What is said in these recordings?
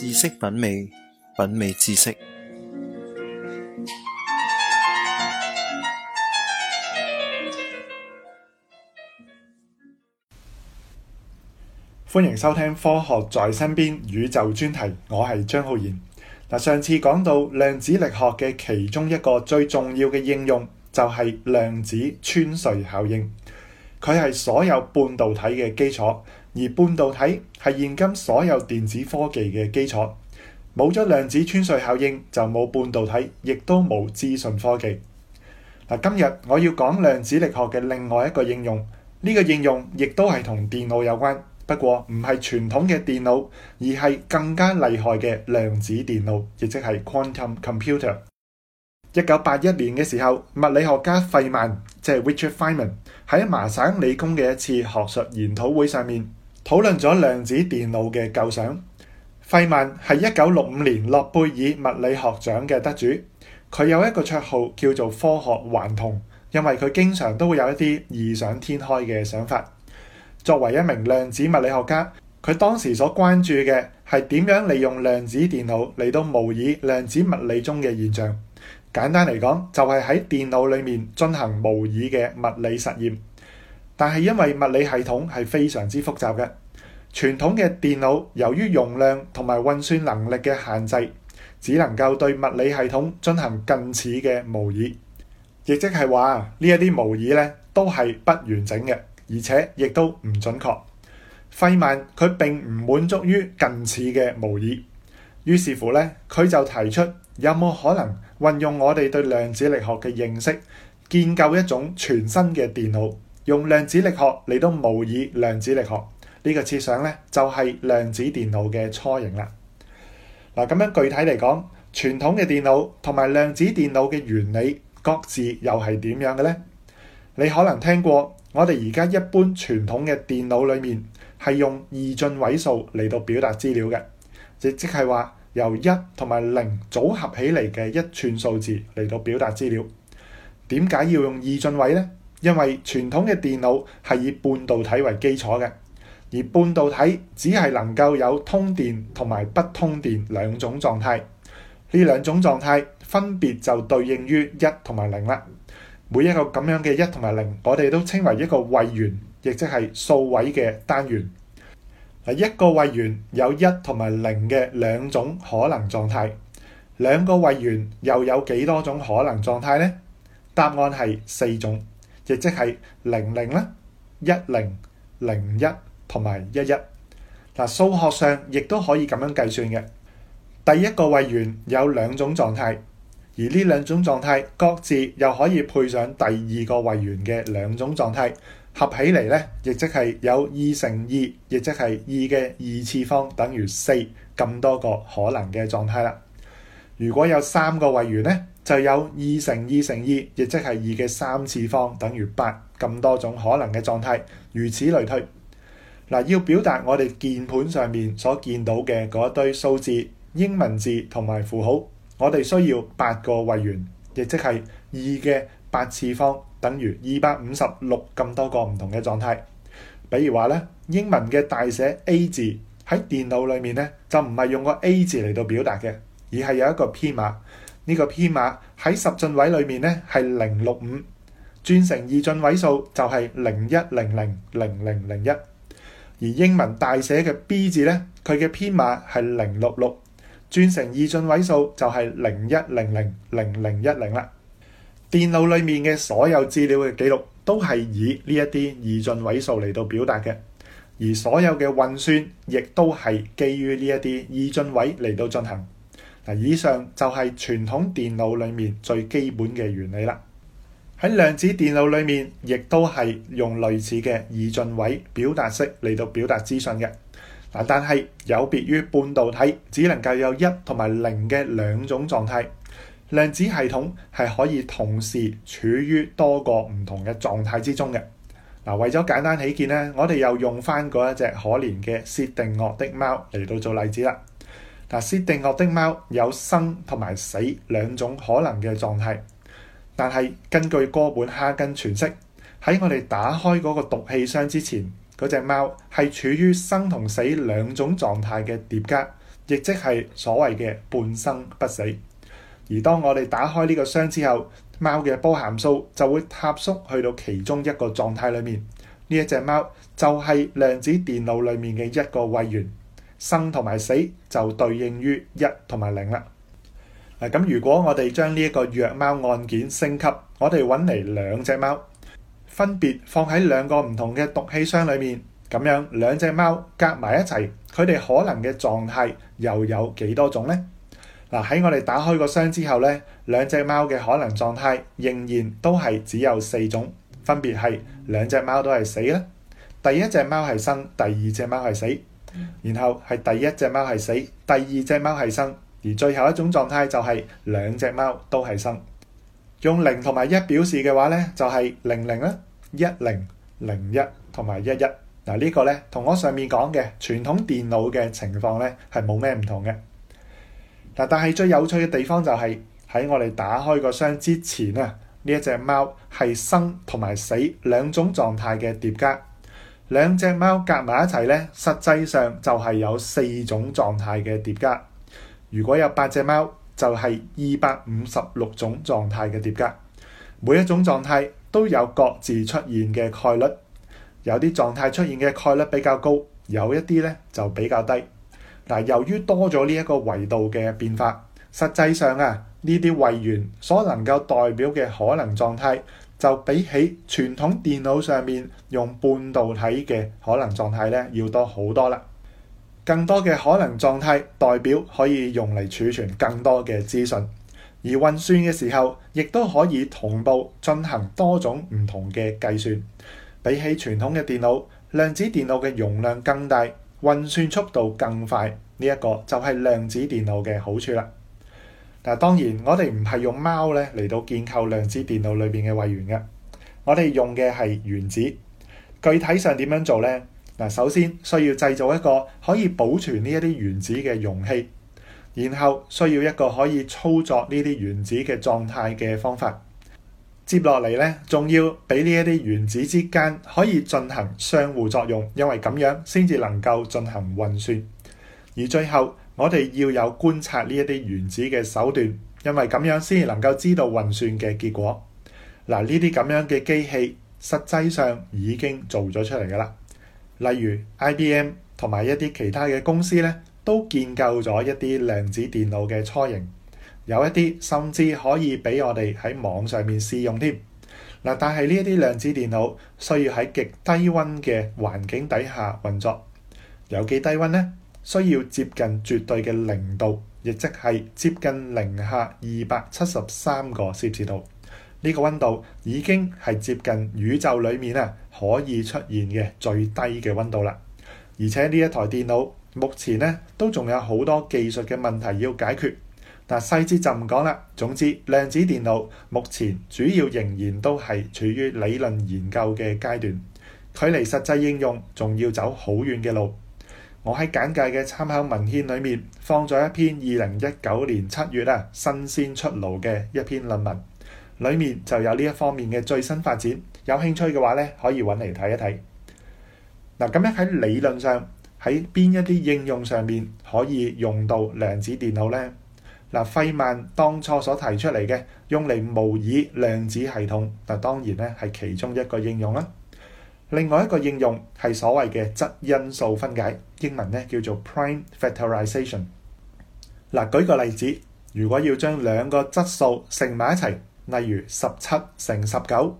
知識品味，品味知識。歡迎收聽《科學在身邊·宇宙》專題，我係張浩然。嗱，上次講到量子力學嘅其中一個最重要嘅應用，就係量子穿隧效應，佢係所有半導體嘅基礎。而半導體係現今所有電子科技嘅基礎，冇咗量子穿隧效應就冇半導體，亦都冇資訊科技。嗱，今日我要講量子力學嘅另外一個應用，呢個應用亦都係同電腦有關，不過唔係傳統嘅電腦，而係更加厲害嘅量子電腦，亦即係 quantum computer。一九八一年嘅時候，物理學家費曼即係 Richard Feynman 喺麻省理工嘅一次學術研討會上面，討論咗量子電腦嘅構想。費曼係一九六五年諾貝爾物理學獎嘅得主，佢有一個綽號叫做科學頑童，因為佢經常都會有一啲異想天開嘅想法。作為一名量子物理學家，佢當時所關注嘅係點樣利用量子電腦嚟到模擬量子物理中嘅現象。簡單嚟講，就係、是、喺電腦裡面進行模擬嘅物理實驗。但係，因為物理系統係非常之複雜嘅，傳統嘅電腦由於容量同埋運算能力嘅限制，只能夠對物理系統進行近似嘅模擬，亦即係話呢一啲模擬咧都係不完整嘅，而且亦都唔準確。費曼佢並唔滿足於近似嘅模擬，於是乎咧佢就提出，有冇可能運用我哋對量子力學嘅認識，建構一種全新嘅電腦。用量子力學，嚟到模擬量子力學。呢個設想呢，就係量子電腦嘅雛型啦。嗱，咁樣具體嚟講，傳統嘅電腦同埋量子電腦嘅原理，各自又係點樣嘅呢？你可能聽過，我哋而家一般傳統嘅電腦裏面係用二進位數嚟到表達資料嘅，亦即係話由一同埋零組合起嚟嘅一串數字嚟到表達資料。點解要用二進位呢？因為傳統嘅電腦係以半導體為基礎嘅，而半導體只係能夠有通電同埋不通電兩種狀態。呢兩種狀態分別就對應於一同埋零啦。每一個咁樣嘅一同埋零，我哋都稱為一個位元，亦即係數位嘅單元。嗱，一個位元有一同埋零嘅兩種可能狀態，兩個位元又有幾多種可能狀態呢？答案係四種。亦即係零零啦，一零、零一同埋一一。嗱，數學上亦都可以咁樣計算嘅。第一個位元有兩種狀態，而呢兩種狀態各自又可以配上第二個位元嘅兩種狀態，合起嚟咧，亦即係有二乘二，亦即係二嘅二次方等於四咁多個可能嘅狀態啦。如果有三個位元咧，就有二乘二乘二，亦即係二嘅三次方，等於八咁多種可能嘅狀態。如此類推。嗱，要表達我哋鍵盤上面所見到嘅嗰堆數字、英文字同埋符號，我哋需要八個位元，亦即係二嘅八次方，等於二百五十六咁多個唔同嘅狀態。比如話咧，英文嘅大寫 A 字喺電腦裡面咧，就唔係用個 A 字嚟到表達嘅。而係有一個編碼，呢、這個編碼喺十進位裏面咧係零六五，65, 轉成二進位數就係零一零零零零零一。而英文大寫嘅 B 字咧，佢嘅編碼係零六六，轉成二進位數就係零一零零零零一零啦。電腦裏面嘅所有資料嘅記錄都係以呢一啲二進位數嚟到表達嘅，而所有嘅運算亦都係基於呢一啲二進位嚟到進行。以上就係傳統電腦裡面最基本嘅原理啦。喺量子電腦裡面，亦都係用類似嘅二進位表達式嚟到表達資訊嘅。嗱，但係有別於半導體，只能夠有一同埋零嘅兩種狀態，量子系統係可以同時處於多個唔同嘅狀態之中嘅。嗱，為咗簡單起見咧，我哋又用翻嗰一隻可憐嘅薛定諤的貓嚟到做例子啦。嗱，薛定諤的貓有生同埋死兩種可能嘅狀態，但係根據哥本哈根詮釋，喺我哋打開嗰個毒氣箱之前，嗰隻貓係處於生同死兩種狀態嘅疊加，亦即係所謂嘅半生不死。而當我哋打開呢個箱之後，貓嘅波函數就會塌縮去到其中一個狀態裏面。呢一隻貓就係量子電腦裏面嘅一個位元。生同埋死就對應於一同埋零啦。咁如果我哋將呢一個虐貓案件升級，我哋揾嚟兩隻貓，分別放喺兩個唔同嘅毒氣箱裏面，咁樣兩隻貓夾埋一齊，佢哋可能嘅狀態又有幾多種呢？嗱，喺我哋打開個箱之後呢，兩隻貓嘅可能狀態仍然都係只有四種，分別係兩隻貓都係死咧，第一隻貓係生，第二隻貓係死。然後係第一隻貓係死，第二隻貓係生，而最後一種狀態就係兩隻貓都係生。用零同埋一表示嘅話呢，就係零零啦、一零、零一同埋一一。嗱呢個咧同我上面講嘅傳統電腦嘅情況呢，係冇咩唔同嘅。嗱但係最有趣嘅地方就係喺我哋打開個箱之前啊，呢一隻貓係生同埋死兩種狀態嘅疊加。兩隻貓夾埋一齊咧，實際上就係有四種狀態嘅疊加。如果有八隻貓，就係二百五十六種狀態嘅疊加。每一種狀態都有各自出現嘅概率。有啲狀態出現嘅概率比較高，有一啲咧就比較低。嗱，由於多咗呢一個維度嘅變化，實際上啊，呢啲位元所能夠代表嘅可能狀態，就比起傳統電腦上面用半導體嘅可能狀態咧，要多好多啦。更多嘅可能狀態代表可以用嚟儲存更多嘅資訊，而運算嘅時候亦都可以同步進行多種唔同嘅計算。比起傳統嘅電腦，量子電腦嘅容量更大，運算速度更快。呢一個就係量子電腦嘅好處啦。嗱，當然我哋唔係用貓咧嚟到建構量子電腦裏邊嘅位元嘅，我哋用嘅係原子。具體上點樣做呢？嗱，首先需要製造一個可以保存呢一啲原子嘅容器，然後需要一個可以操作呢啲原子嘅狀態嘅方法。接落嚟呢，仲要俾呢一啲原子之間可以進行相互作用，因為咁樣先至能夠進行運算，而最後，我哋要有觀察呢一啲原子嘅手段，因為咁樣先能夠知道運算嘅結果。嗱，呢啲咁樣嘅機器，實際上已經做咗出嚟㗎喇。例如 IBM 同埋一啲其他嘅公司咧，都建構咗一啲量子電腦嘅雛型，有一啲甚至可以俾我哋喺網上面試用添。嗱，但係呢一啲量子電腦需要喺極低温嘅環境底下運作，有幾低温呢？需要接近絕對嘅零度，亦即係接近零下二百七十三個攝氏度。呢、呢個温度已經係接近宇宙裡面啊可以出現嘅最低嘅温度啦。而且呢一台電腦目前咧都仲有好多技術嘅問題要解決。嗱，細節就唔講啦。總之量子電腦目前主要仍然都係處於理論研究嘅階段，距離實際應用仲要走好遠嘅路。我喺簡介嘅參考文獻裏面放咗一篇二零一九年七月啊新鮮出爐嘅一篇論文，裡面就有呢一方面嘅最新發展。有興趣嘅話呢可以揾嚟睇一睇。嗱，咁樣喺理論上喺邊一啲應用上面可以用到量子電腦呢？嗱，費曼當初所提出嚟嘅用嚟模擬量子系統，嗱當然咧係其中一個應用啦。另外一個應用係所謂嘅質因數分解，英文咧叫做 prime factorisation。嗱，舉個例子，如果要將兩個質數乘埋一齊，例如十七乘十九，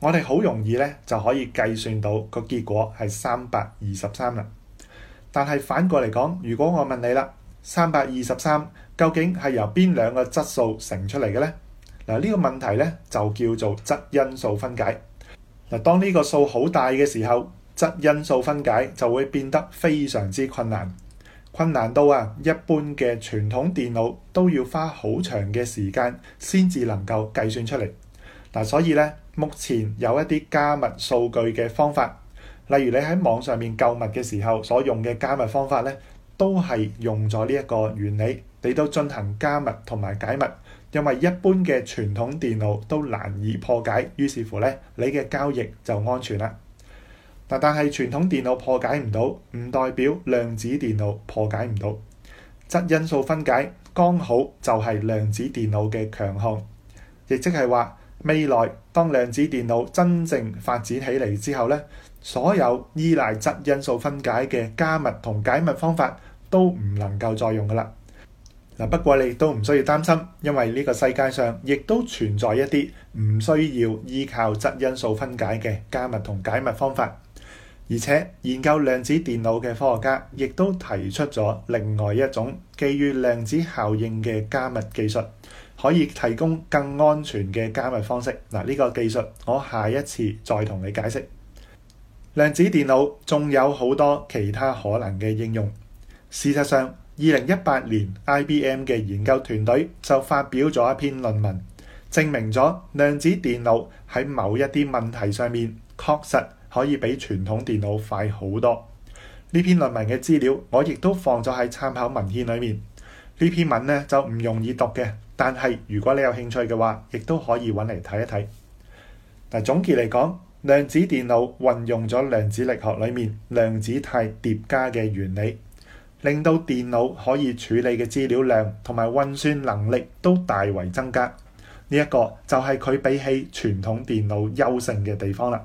我哋好容易咧就可以計算到個結果係三百二十三啦。但係反過嚟講，如果我問你啦，三百二十三究竟係由邊兩個質數乘出嚟嘅咧？嗱，呢個問題咧就叫做質因數分解。嗱，當呢個數好大嘅時候，質因數分解就會變得非常之困難，困難到啊一般嘅傳統電腦都要花好長嘅時間先至能夠計算出嚟。嗱，所以咧，目前有一啲加密數據嘅方法，例如你喺網上面購物嘅時候所用嘅加密方法咧，都係用咗呢一個原理，你都進行加密同埋解密。因為一般嘅傳統電腦都難以破解，於是乎咧，你嘅交易就安全啦。但係傳統電腦破解唔到，唔代表量子電腦破解唔到。質因數分解剛好就係量子電腦嘅強項，亦即係話未來當量子電腦真正發展起嚟之後咧，所有依賴質因數分解嘅加密同解密方法都唔能夠再用噶啦。嗱，不過你都唔需要擔心，因為呢個世界上亦都存在一啲唔需要依靠質因數分解嘅加密同解密方法。而且研究量子電腦嘅科學家亦都提出咗另外一種基於量子效應嘅加密技術，可以提供更安全嘅加密方式。嗱，呢個技術我下一次再同你解釋。量子電腦仲有好多其他可能嘅應用。事實上，二零一八年，IBM 嘅研究團隊就發表咗一篇論文，證明咗量子電腦喺某一啲問題上面，確實可以比傳統電腦快好多。呢篇論文嘅資料，我亦都放咗喺參考文獻裏面。呢篇文咧就唔容易讀嘅，但係如果你有興趣嘅話，亦都可以揾嚟睇一睇。嗱，總結嚟講，量子電腦運用咗量子力學裏面量子態疊加嘅原理。令到電腦可以處理嘅資料量同埋運算能力都大為增加，呢一個就係佢比起傳統電腦優勝嘅地方啦。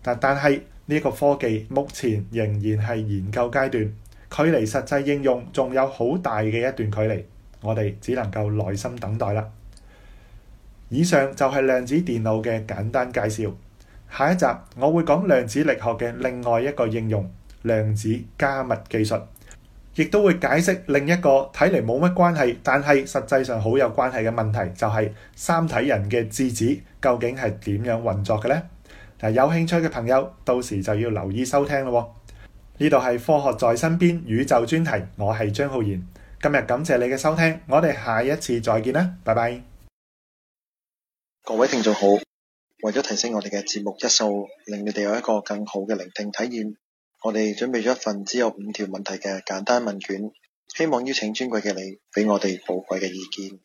但但係呢個科技目前仍然係研究階段，距離實際應用仲有好大嘅一段距離，我哋只能夠耐心等待啦。以上就係量子電腦嘅簡單介紹，下一集我會講量子力學嘅另外一個應用——量子加密技術。亦都會解釋另一個睇嚟冇乜關係，但係實際上好有關係嘅問題，就係三體人嘅智子究竟係點樣運作嘅呢？嗱，有興趣嘅朋友到時就要留意收聽啦哦。呢度係科學在身邊宇宙專題，我係張浩然。今日感謝你嘅收聽，我哋下一次再見啦，拜拜。各位聽眾好，為咗提升我哋嘅節目質素，令你哋有一個更好嘅聆聽體驗，我哋準備咗一份只有五條問題嘅簡單問卷，希望邀請尊貴嘅你俾我哋寶貴嘅意見。